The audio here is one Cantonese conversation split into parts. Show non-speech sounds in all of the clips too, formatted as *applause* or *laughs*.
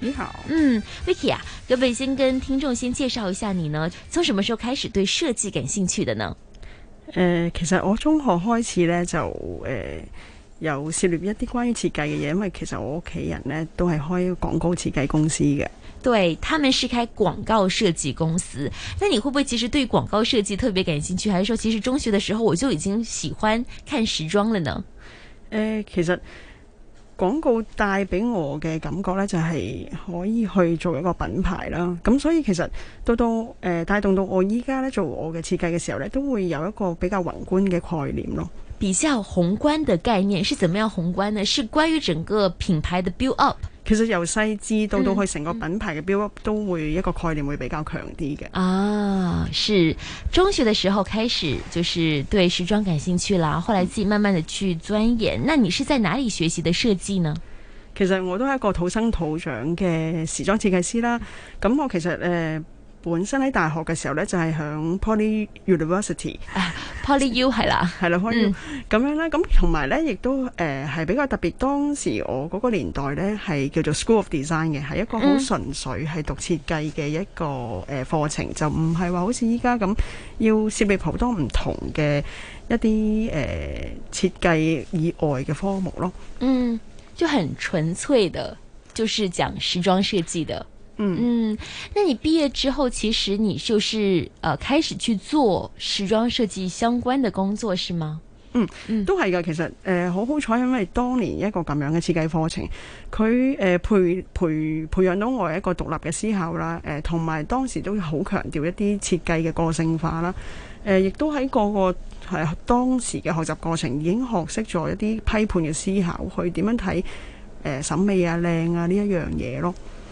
你好。嗯，嗯，Vicky 啊，可唔可以先跟聽眾先介紹一下你呢？從什麼時候開始對設計感興趣的呢？誒、呃，其實我中學開始呢，就、呃、誒有涉獵一啲關於設計嘅嘢，因為其實我屋企人呢都係開廣告設計公司嘅。對，他們是開廣告設計公司。那你會不會其實對廣告設計特別感興趣，還是說其實中學的時候我就已經喜歡看時裝了呢？誒、呃，其實。廣告帶俾我嘅感覺呢，就係可以去做一個品牌啦。咁所以其實到到誒帶動到我依家咧做我嘅設計嘅時候呢，都會有一個比較宏觀嘅概念咯。比較宏觀嘅概念係點樣宏觀呢？係關於整個品牌的 build up。其實由細至到到去成個品牌嘅 build up 都會一個概念會比較強啲嘅。啊，是中學嘅時候開始就是對時裝感興趣啦，後來自己慢慢去鑽研。那你是在哪裏學習嘅設計呢？其實我都係一個土生土長嘅時裝設計師啦。咁我其實誒。呃本身喺大學嘅時候咧，就係、是、響 Poly University，Poly U、uh, 係啦，係啦 Poly U 咁、 *laughs* uh, Poly U , right. *laughs* mm. 樣咧，咁同埋咧，亦都誒係、呃、比較特別，當時我嗰個年代咧，係叫做 School of Design 嘅，係一個好純粹係讀設計嘅一個誒課程，mm. 就唔係話好似依家咁要涉獵好多唔同嘅一啲誒設計以外嘅科目咯。嗯、mm.，就很純粹的，就是講時裝設計的。嗯，嗯，那你畢業之後，其實你就是，呃，開始去做時裝設計相關的工作，是嗎？嗯，嗯，都係㗎。其實，誒、呃，好好彩，因為當年一個咁樣嘅設計課程，佢，誒、呃，培培培養到我一個獨立嘅思考啦。誒、呃，同埋當時都好強調一啲設計嘅個性化啦。誒、呃，亦都喺個個，係、呃、當時嘅學習過程已經學識咗一啲批判嘅思考，去點樣睇，誒、呃，審美啊、靚啊呢一樣嘢咯。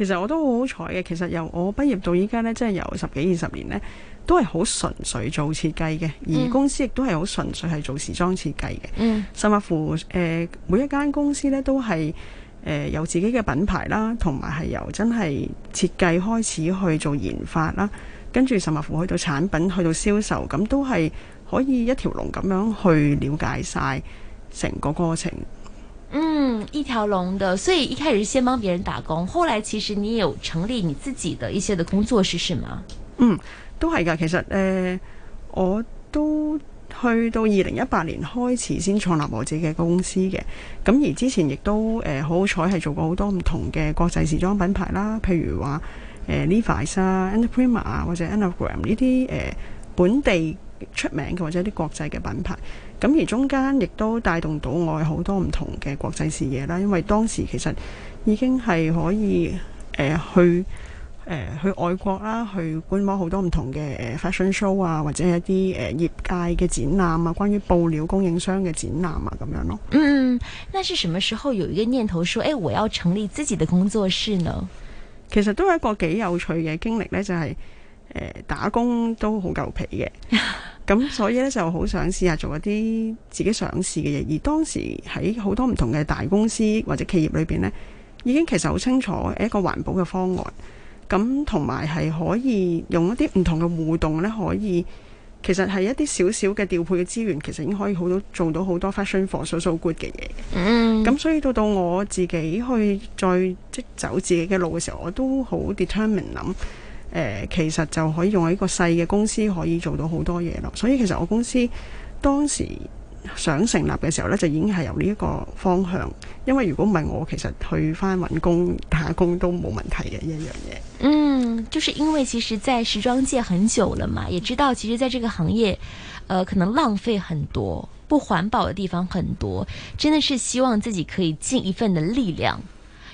其實我都好好彩嘅，其實由我畢業到依家呢，即係由十幾二十年呢，都係好純粹做設計嘅，而公司亦都係好純粹係做時裝設計嘅。嗯，甚至乎誒、呃，每一間公司呢，都係誒有自己嘅品牌啦，同埋係由真係設計開始去做研發啦，跟住甚至乎去到產品去到銷售，咁都係可以一條龍咁樣去了解晒成個過程。嗯，一條龍的，所以一開始先幫別人打工，後來其實你有成立你自己的一些的工作室是嗎？嗯，都係㗎，其實誒、呃，我都去到二零一八年開始先創立我自己嘅公司嘅，咁、嗯、而之前亦都誒好好彩係做過好多唔同嘅國際時裝品牌啦，譬如話誒、呃、Levi’s 啊，Enterprise 啊，或者 Anagram 呢啲，誒、呃、本地出名嘅或者啲國際嘅品牌。咁而中間亦都帶動到我好多唔同嘅國際視野啦，因為當時其實已經係可以、呃、去、呃、去外國啦，去觀摩好多唔同嘅 fashion show 啊，或者一啲誒、呃、業界嘅展覽啊，關於布料供應商嘅展覽啊，咁樣咯。嗯，那是什麼時候有一個念頭說，誒、哎，我要成立自己的工作室呢？其實都有一個幾有趣嘅經歷呢就係、是呃、打工都好夠皮嘅。 *laughs* 咁、嗯、所以咧就好想試下做一啲自己想試嘅嘢，而當時喺好多唔同嘅大公司或者企業裏面呢，已經其實好清楚一個環保嘅方案，咁同埋係可以用一啲唔同嘅互動呢可以其實係一啲少少嘅調配嘅資源，其實已經可以好多做到好多 fashion forward good 嘅嘢嘅。嗯，咁、嗯、所以到到我自己去再即走自己嘅路嘅時候，我都好 determine 諗。誒、呃，其實就可以用一個細嘅公司可以做到好多嘢咯。所以其實我公司當時想成立嘅時候呢，就已經係由呢一個方向。因為如果唔係我，其實去返搵工打工都冇問題嘅一樣嘢。嗯，就是因為其實在時裝界很久了嘛，也知道其實在這個行業，呃，可能浪費很多、不環保嘅地方很多，真的是希望自己可以盡一份的力量。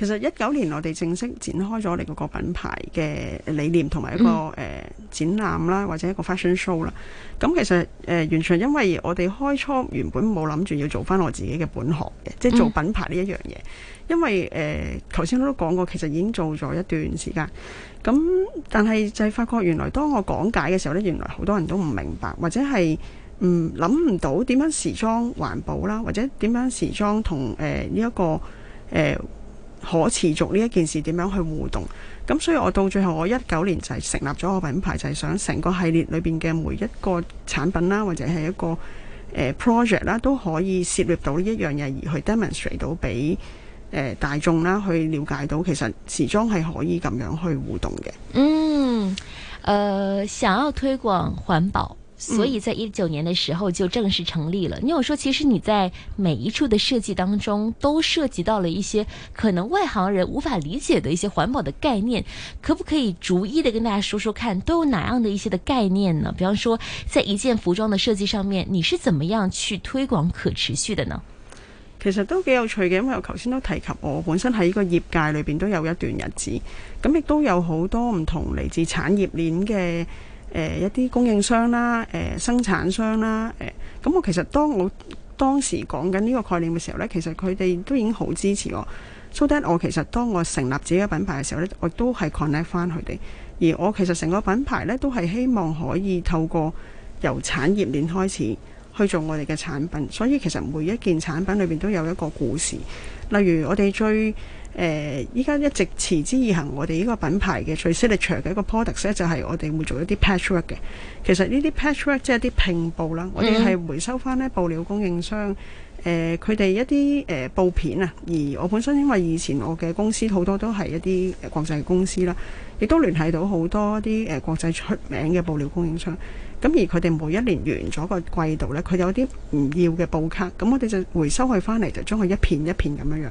其實一九年，我哋正式展開咗我哋嗰個品牌嘅理念，同埋一個、嗯呃、展覽啦，或者一個 fashion show 啦。咁其實、呃、完全因為我哋開初原本冇諗住要做翻我自己嘅本行嘅，即、就、係、是、做品牌呢一樣嘢、嗯。因為頭先、呃、都講過，其實已經做咗一段時間。咁但係就係發覺原來當我講解嘅時候呢，原來好多人都唔明白，或者係唔諗唔到點樣時裝環保啦，或者點樣時裝同誒呢一個、呃可持續呢一件事點樣去互動？咁所以我到最後我一九年就係成立咗個品牌，就係、是、想成個系列裏邊嘅每一個產品啦，或者係一個誒、呃、project 啦，都可以涉獵到一樣嘢，而去 demonstrate 到俾誒、呃、大眾啦去了解到，其實時裝係可以咁樣去互動嘅。嗯，誒、呃，想要推廣環保。所以在一九年的時候就正式成立了。你有說，其實你在每一處的設計當中都涉及到了一些可能外行人無法理解的一些環保的概念，可不可以逐一的跟大家說說看，都有哪樣的一些的概念呢？比方說，在一件服裝的設計上面，你是怎麼樣去推廣可持續的呢？其實都幾有趣嘅，因為我頭先都提及我，我本身喺呢個業界裏邊都有一段日子，咁亦都有好多唔同嚟自產業鏈嘅。呃、一啲供應商啦、呃，生產商啦，誒、呃、咁我其實當我當時講緊呢個概念嘅時候呢，其實佢哋都已經好支持我。所以 t 我其實當我成立自己嘅品牌嘅時候呢，我都係 connect 翻佢哋。而我其實成個品牌呢，都係希望可以透過由產業鏈開始去做我哋嘅產品。所以其實每一件產品裏面都有一個故事。例如我哋最誒、呃，依家一直持之以恒，我哋呢個品牌嘅最 signature 嘅一個 product 咧，就係我哋會做一啲 patchwork 嘅。其實呢啲 patchwork 即係一啲拼布啦。我哋係回收翻呢布料供應商，誒、呃，佢哋一啲誒布片啊。而我本身因為以前我嘅公司好多都係一啲國際公司啦，亦都聯繫到好多啲誒、呃、國際出名嘅布料供應商。咁而佢哋每一年完咗個季度呢，佢有啲唔要嘅布卡，咁我哋就回收佢翻嚟，就將佢一片一片咁樣樣。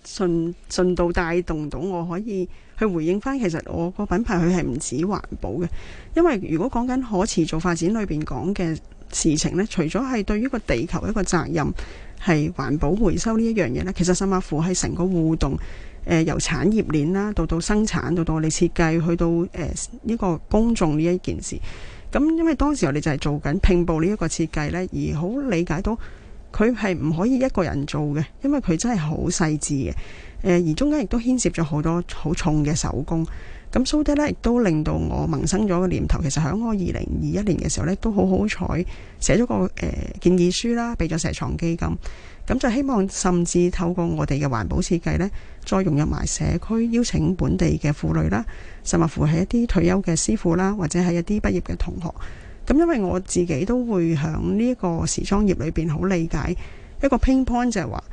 順順，順道帶動到我可以去回應翻，其實我個品牌佢係唔止環保嘅，因為如果講緊可持續發展裏面講嘅事情呢，除咗係對於個地球一個責任係環保回收呢一樣嘢呢，其實甚至乎係成個互動、呃、由產業鏈啦，到到生產，到到我哋設計，去到呢、呃、呢個公眾呢一件事。咁因為當時我哋就係做緊拼布呢一個設計呢，而好理解到。佢係唔可以一個人做嘅，因為佢真係好細緻嘅。而中間亦都牽涉咗好多好重嘅手工。咁，so that 咧，亦都令到我萌生咗個念頭。其實喺我二零二一年嘅時候咧，都好好彩寫咗個、呃、建議書啦，俾咗社創基金。咁就希望甚至透過我哋嘅環保設計呢，再融入埋社區，邀請本地嘅婦女啦，甚至乎係一啲退休嘅師傅啦，或者係一啲畢業嘅同學。咁因為我自己都會喺呢一個時裝業裏邊好理解一個 pain point 就係話，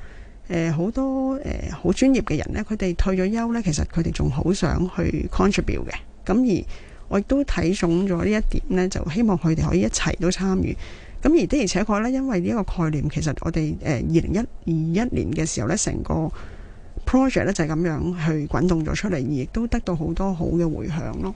誒、呃、好多誒好專業嘅人咧，佢哋退咗休咧，其實佢哋仲好想去 contribute 嘅。咁而我亦都睇中咗呢一點咧，就希望佢哋可以一齊都參與。咁而的而且確咧，因為呢一個概念，其實我哋誒二零一二一年嘅時候咧，成個 project 咧就係咁樣去滾動咗出嚟，而亦都得到好多好嘅回響咯。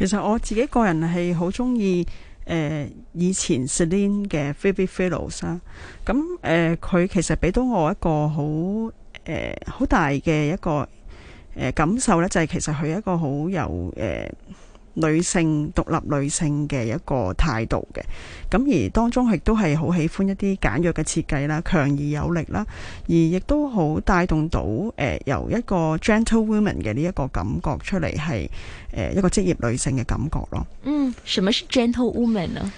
其實我自己個人係好中意、呃、以前 Celine 嘅 Phoebe Philo 啊，咁呃、佢其實俾到我一個好、呃、好大嘅一個、呃、感受呢就係、是、其實佢一個好有、呃女性獨立女性嘅一個態度嘅，咁而當中亦都係好喜歡一啲簡約嘅設計啦，強而有力啦，而亦都好帶動到誒、呃、由一個 gentle woman 嘅呢一個感覺出嚟，係、呃、一個職業女性嘅感覺咯。嗯，什麼是 gentle woman 呢？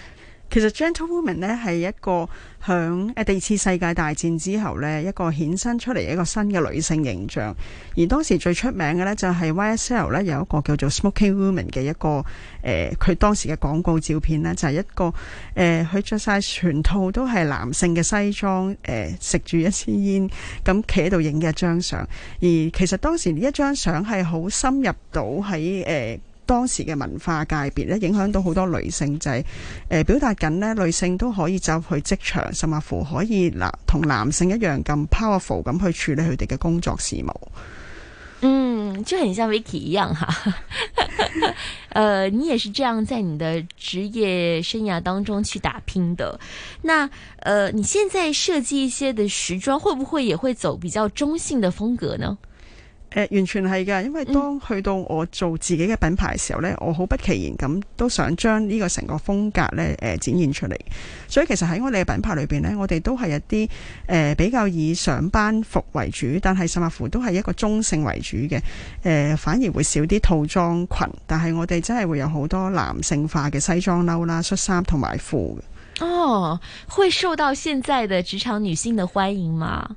其實 gentlewoman 呢係一個響第二次世界大戰之後呢一個衍生出嚟一個新嘅女性形象，而當時最出名嘅呢，就係 YSL 呢有一個叫做 smoking woman 嘅一個誒佢、呃、當時嘅廣告照片呢就係、是、一個誒佢着晒全套都係男性嘅西裝，誒、呃、食住一支煙咁企喺度影嘅一張相，而其實當時一張相係好深入到喺誒。呃當時嘅文化界別咧，影響到好多女性，就係、是、誒、呃、表達緊咧，女性都可以走去職場，甚至乎可以男同男性一樣咁 powerful 咁去處理佢哋嘅工作事務。嗯，就很像 Vicky 一樣哈誒、 *laughs* *laughs* *laughs* 呃，你也是這樣在你的職業生涯當中去打拼的。那，呃，你現在設計一些的時裝，會不會也會走比較中性的風格呢？呃、完全係噶，因為當去到我做自己嘅品牌嘅時候呢、嗯、我好不其然咁都想將呢個成個風格呢誒、呃，展現出嚟。所以其實喺我哋嘅品牌裏邊呢，我哋都係一啲、呃、比較以上班服為主，但係甚至乎都係一個中性為主嘅。誒、呃，反而會少啲套裝裙，但係我哋真係會有好多男性化嘅西裝褸啦、恤衫同埋褲嘅。哦，會受到現在嘅職場女性嘅歡迎嗎？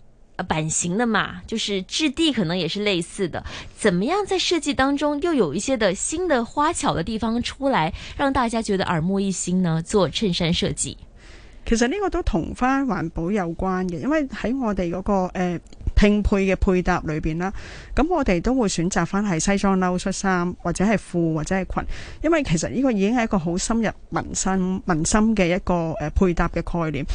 版型的嘛，就是質地可能也是類似的。怎麼樣在設計當中又有一些的新的花巧的地方出來，讓大家覺得耳目一新呢？做襯衫設計，其實呢個都同翻環保有關嘅，因為喺我哋嗰個誒。呃拼配嘅配搭裏邊啦，咁我哋都會選擇翻係西裝褸、恤衫或者係褲或者係裙，因為其實呢個已經係一個好深入民生、民心嘅一個誒、呃、配搭嘅概念，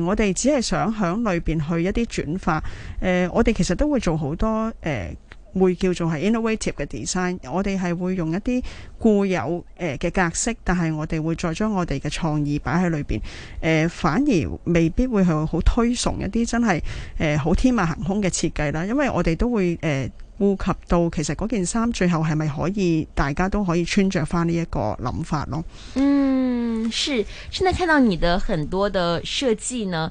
而我哋只係想響裏邊去一啲轉化。誒、呃，我哋其實都會做好多誒。呃會叫做係 innovative 嘅 design，我哋係會用一啲固有誒嘅格式，但係我哋會再將我哋嘅創意擺喺裏邊，誒、呃、反而未必會係好推崇一啲真係誒好天馬行空嘅設計啦，因為我哋都會誒顧及到其實嗰件衫最後係咪可以大家都可以穿着翻呢一個諗法咯。嗯，是，現在看到你的很多嘅設計呢？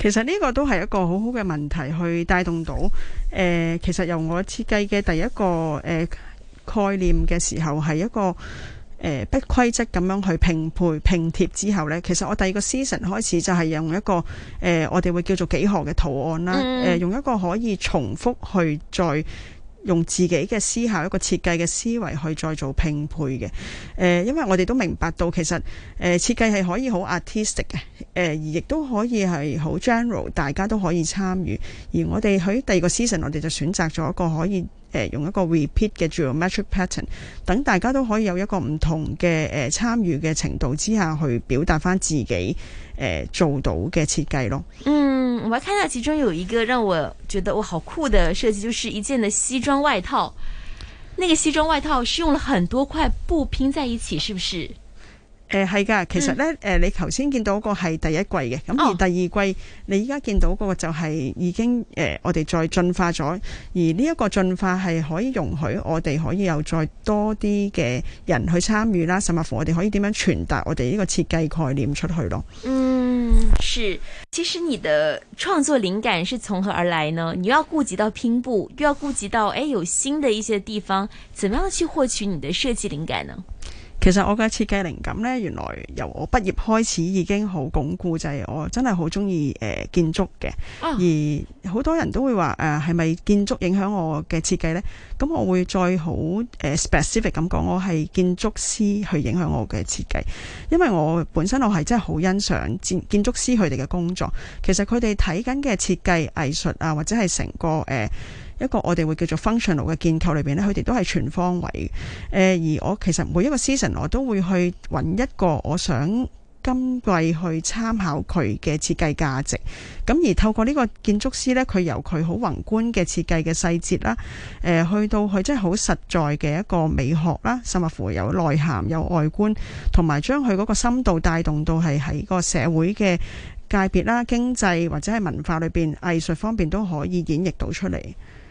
其實呢個都係一個好好嘅問題，去帶動到誒、呃，其實由我設計嘅第一個誒、呃、概念嘅時候，係一個誒、呃、不規則咁樣去拼配拼貼之後呢，其實我第二個 season 開始就係用一個誒、呃，我哋會叫做幾何嘅圖案啦，誒、呃，用一個可以重複去再。用自己嘅思考，一個設計嘅思維去再做拼配嘅。誒、呃，因為我哋都明白到其實誒、呃、設計係可以好 artistic 嘅、呃，誒而亦都可以係好 general，大家都可以參與。而我哋喺第二個 season，我哋就選擇咗一個可以。誒用一個 repeat 嘅 geometric pattern，等大家都可以有一個唔同嘅誒參與嘅程度之下去表達返自己、呃、做到嘅設計咯。嗯，我睇下其中有一個讓我覺得我好酷嘅設計，就是一件嘅西裝外套。那個西裝外套是用了很多塊布拼在一起，是不是？誒、呃，係噶，其實咧，誒、嗯呃，你頭先見到個係第一季嘅，咁而第二季，哦、你依家見到個就係已經誒、呃，我哋再進化咗，而呢一個進化係可以容許我哋可以有再多啲嘅人去參與啦，甚至乎我哋可以點樣傳達我哋呢個設計概念出去咯。嗯，是，其實你的創作靈感是從何而來呢？你要顧及到拼布，又要顧及到誒、哎，有新的一些地方，怎麼樣去獲取你的設計靈感呢？其實我嘅設計靈感呢，原來由我畢業開始已經好鞏固，就係、是、我真係好中意誒建築嘅。Oh. 而好多人都會話誒係咪建築影響我嘅設計呢？咁我會再好 specific 咁講，我係建築師去影響我嘅設計，因為我本身我係真係好欣賞建建築師佢哋嘅工作。其實佢哋睇緊嘅設計藝術啊，或者係成個誒。呃一個我哋會叫做 functional 嘅建構裏面，呢佢哋都係全方位誒。而我其實每一個 season 我都會去揾一個我想今季去參考佢嘅設計價值。咁而透過呢個建築師呢，佢由佢好宏觀嘅設計嘅細節啦，誒去到佢真係好實在嘅一個美學啦，甚至乎有內涵有外觀，同埋將佢嗰個深度帶動到係喺個社會嘅界別啦、經濟或者係文化裏面藝術方面都可以演繹到出嚟。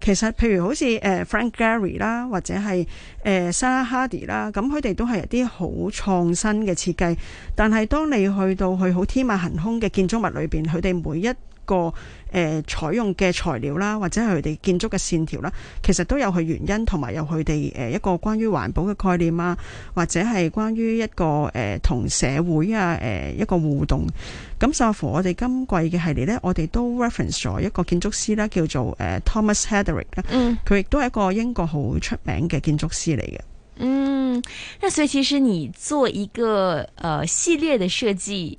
其實，譬如好似誒 Frank Gehry 啦，或者係 Zaha Hadid 啦，咁佢哋都係一啲好創新嘅設計。但係，當你去到去好天馬行空嘅建築物裏面，佢哋每一個誒採用嘅材料啦，或者係佢哋建築嘅線條啦，其實都有佢原因，同埋有佢哋誒一個關於環保嘅概念啊，或者係關於一個誒、呃、同社會啊誒、呃、一個互動。咁，甚或乎我哋今季嘅系列呢，我哋都 reference 咗一個建築師啦，叫做誒、呃、Thomas Heatherwick 啦。佢亦都係一個英國好出名嘅建築師嚟嘅。嗯，所以其實你做一個誒、呃、系列嘅設計。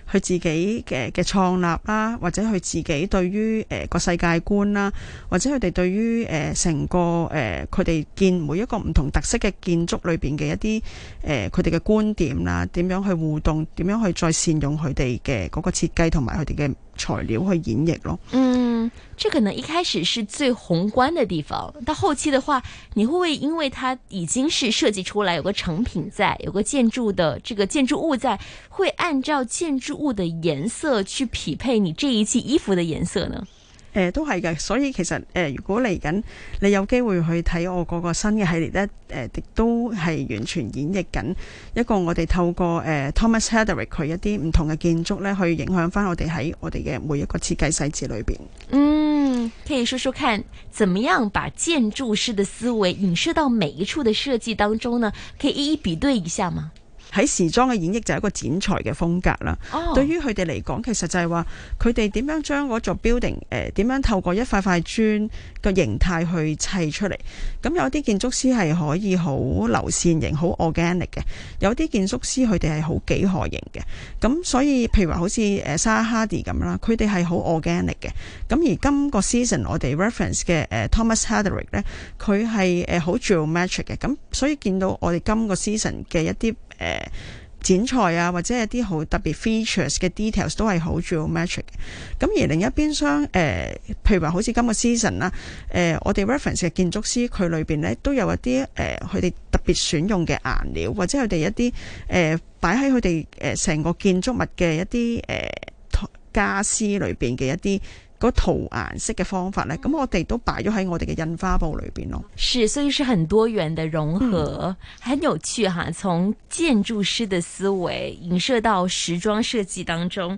佢自己嘅嘅創立啦，或者佢自己對於誒個、呃、世界觀啦，或者佢哋對於誒成、呃、個誒佢哋建每一個唔同特色嘅建築裏邊嘅一啲誒佢哋嘅觀點啦，點樣去互動，點樣去再善用佢哋嘅嗰個設計同埋佢哋嘅材料去演繹咯。嗯，這可能一開始是最宏觀的地方，到後期的話，你會不會因為它已經是設計出來，有個成品在，有個建築的這個建築物在，會按照建築？物的顏色去匹配你這一季衣服的顏色呢？誒、呃，都係嘅，所以其實誒、呃，如果嚟緊你有機會去睇我嗰個新嘅系列咧，誒、呃，亦都係完全演繹緊一個我哋透過誒、呃、Thomas Heatherwick 佢一啲唔同嘅建築咧，去影響翻我哋喺我哋嘅每一個設計細節裏邊。嗯，可以說說看，怎麼樣把建築師的思維影射到每一處的設計當中呢？可以一一比對一下嗎？喺時裝嘅演繹就係一個剪裁嘅風格啦。Oh. 對於佢哋嚟講，其實就係話佢哋點樣將嗰座 building 誒點樣透過一塊塊磚個形態去砌出嚟。咁、嗯、有啲建築師係可以好流線型，好 organic 嘅；有啲建築師佢哋係好幾何型嘅。咁、嗯、所以，譬如話好似 Zaha Hadid 咁啦，佢哋係好 organic 嘅。咁、嗯、而今個 season 我哋 reference 嘅、呃、Thomas Heatherwick 咧，佢係好 geometric 嘅。咁、嗯、所以見到我哋今個 season 嘅一啲。誒，剪裁啊，或者一啲好特別 features 嘅 details 都係好 geometric。咁而另一邊廂、呃、誒，譬如話好似今個 season 啦，誒，我哋 reference 嘅建築師佢裏邊咧都有一啲誒，佢、呃、哋特別選用嘅顏料，或者佢哋一啲誒、呃，擺喺佢哋誒成個建築物嘅一啲誒、呃、家私裏邊嘅一啲。個塗顏色嘅方法呢，咁我哋都擺咗喺我哋嘅印花布裏邊咯。是，所以是很多元的融合，嗯、很有趣哈！從建築師的思維影射到時裝設計當中。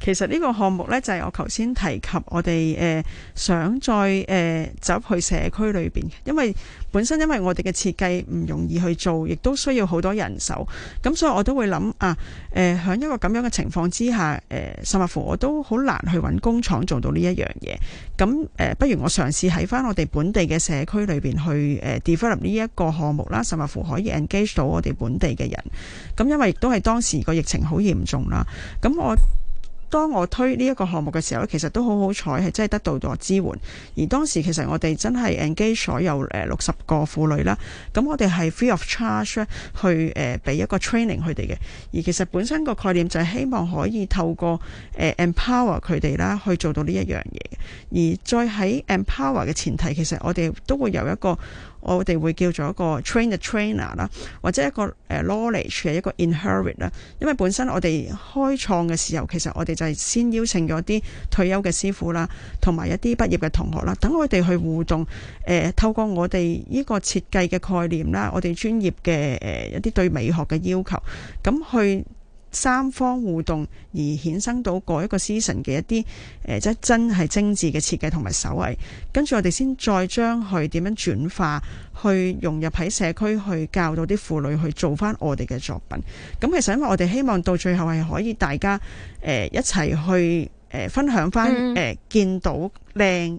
其實呢個項目呢，就係、是、我頭先提及我哋誒、呃、想再誒、呃、走去社區裏邊，因為本身因為我哋嘅設計唔容易去做，亦都需要好多人手，咁所以我都會諗啊誒喺、呃、一個咁樣嘅情況之下，誒、呃、甚至乎我都好難去揾工廠做到呢一樣嘢。咁誒、呃，不如我嘗試喺返我哋本地嘅社區裏邊去誒 develop 呢一個項目啦，甚至乎可以 engage 到我哋本地嘅人。咁因為亦都係當時個疫情好嚴重啦，咁我。當我推呢一個項目嘅時候咧，其實都好好彩，係真係得到咗支援。而當時其實我哋真係 engage 所有誒六十個婦女啦，咁我哋係 free of charge 去誒俾、呃、一個 training 佢哋嘅。而其實本身個概念就係希望可以透過誒、呃、empower 佢哋啦，去做到呢一樣嘢。而再喺 empower 嘅前提，其實我哋都會有一個。我哋會叫做一個 train the trainer 啦，或者一個 knowledge 嘅一個 inherit 啦。因為本身我哋開創嘅時候，其實我哋就係先邀請咗啲退休嘅師傅啦，同埋一啲畢業嘅同學啦，等我哋去互動。呃、透過我哋呢個設計嘅概念啦，我哋專業嘅、呃、一啲對美學嘅要求，咁去。三方互動而衍生到嗰一個 season 嘅一啲誒，即、呃、真係精緻嘅設計同埋手藝。跟住我哋先再將佢點樣轉化，去融入喺社區，去教到啲婦女去做翻我哋嘅作品。咁其實因為我哋希望到最後係可以大家誒、呃、一齊去誒、呃、分享翻誒、嗯呃、見到靚。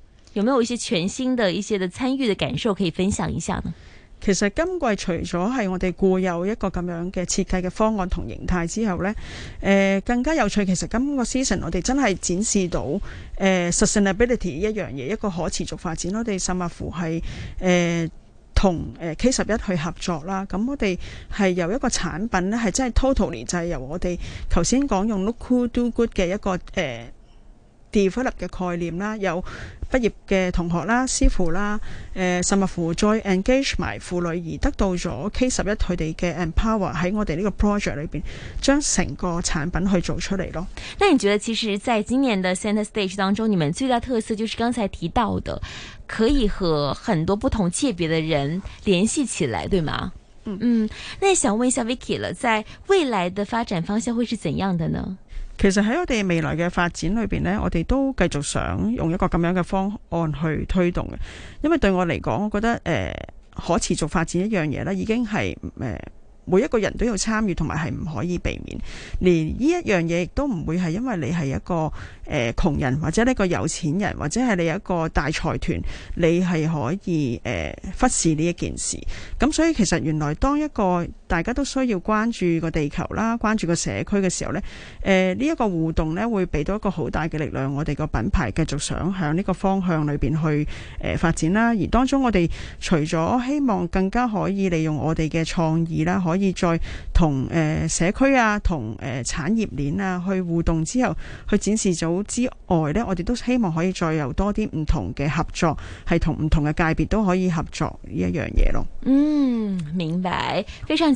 有沒有一些全新的一些的參與的感受可以分享一下呢？其實今季除咗係我哋固有一個咁樣嘅設計嘅方案同形態之後呢，誒、呃、更加有趣。其實今個 season 我哋真係展示到誒、呃、，sustainability 一樣嘢，一個可持續發展。我哋甚物乎係誒、呃、同誒 K 十一去合作啦。咁、嗯、我哋係由一個產品咧，係真係 totally 就係由我哋頭先講用 look good do good 嘅一個誒。呃 default 嘅概念啦，有畢業嘅同學啦、師傅啦，誒、呃，甚至乎再 engage 埋父女而得到咗 K 十一佢哋嘅 empower 喺我哋呢個 project 裏邊，將成個產品去做出嚟咯。那你覺得其實在今年的 Centre Stage 當中，你們最大特色就是剛才提到的，可以和很多不同界別嘅人聯繫起來，對嗎？嗯嗯。那想問一下 Vicky 啦，在未來嘅發展方向會是怎樣的呢？其實喺我哋未來嘅發展裏邊呢，我哋都繼續想用一個咁樣嘅方案去推動嘅，因為對我嚟講，我覺得誒、呃、可持續發展一樣嘢呢，已經係誒、呃、每一個人都要參與，同埋係唔可以避免。連呢一樣嘢亦都唔會係因為你係一個誒、呃、窮人，或者一個有錢人，或者係你有一個大財團，你係可以誒、呃、忽視呢一件事。咁所以其實原來當一個大家都需要關注個地球啦，關注個社區嘅時候咧，誒呢一個互動咧會俾到一個好大嘅力量，我哋個品牌繼續想向呢個方向裏邊去誒發展啦。而當中我哋除咗希望更加可以利用我哋嘅創意啦，可以再同誒社區啊，同誒產業鏈啊去互動之後，去展示組之外咧，我哋都希望可以再有多啲唔同嘅合作，係同唔同嘅界別都可以合作呢一樣嘢咯。嗯，明白，非常。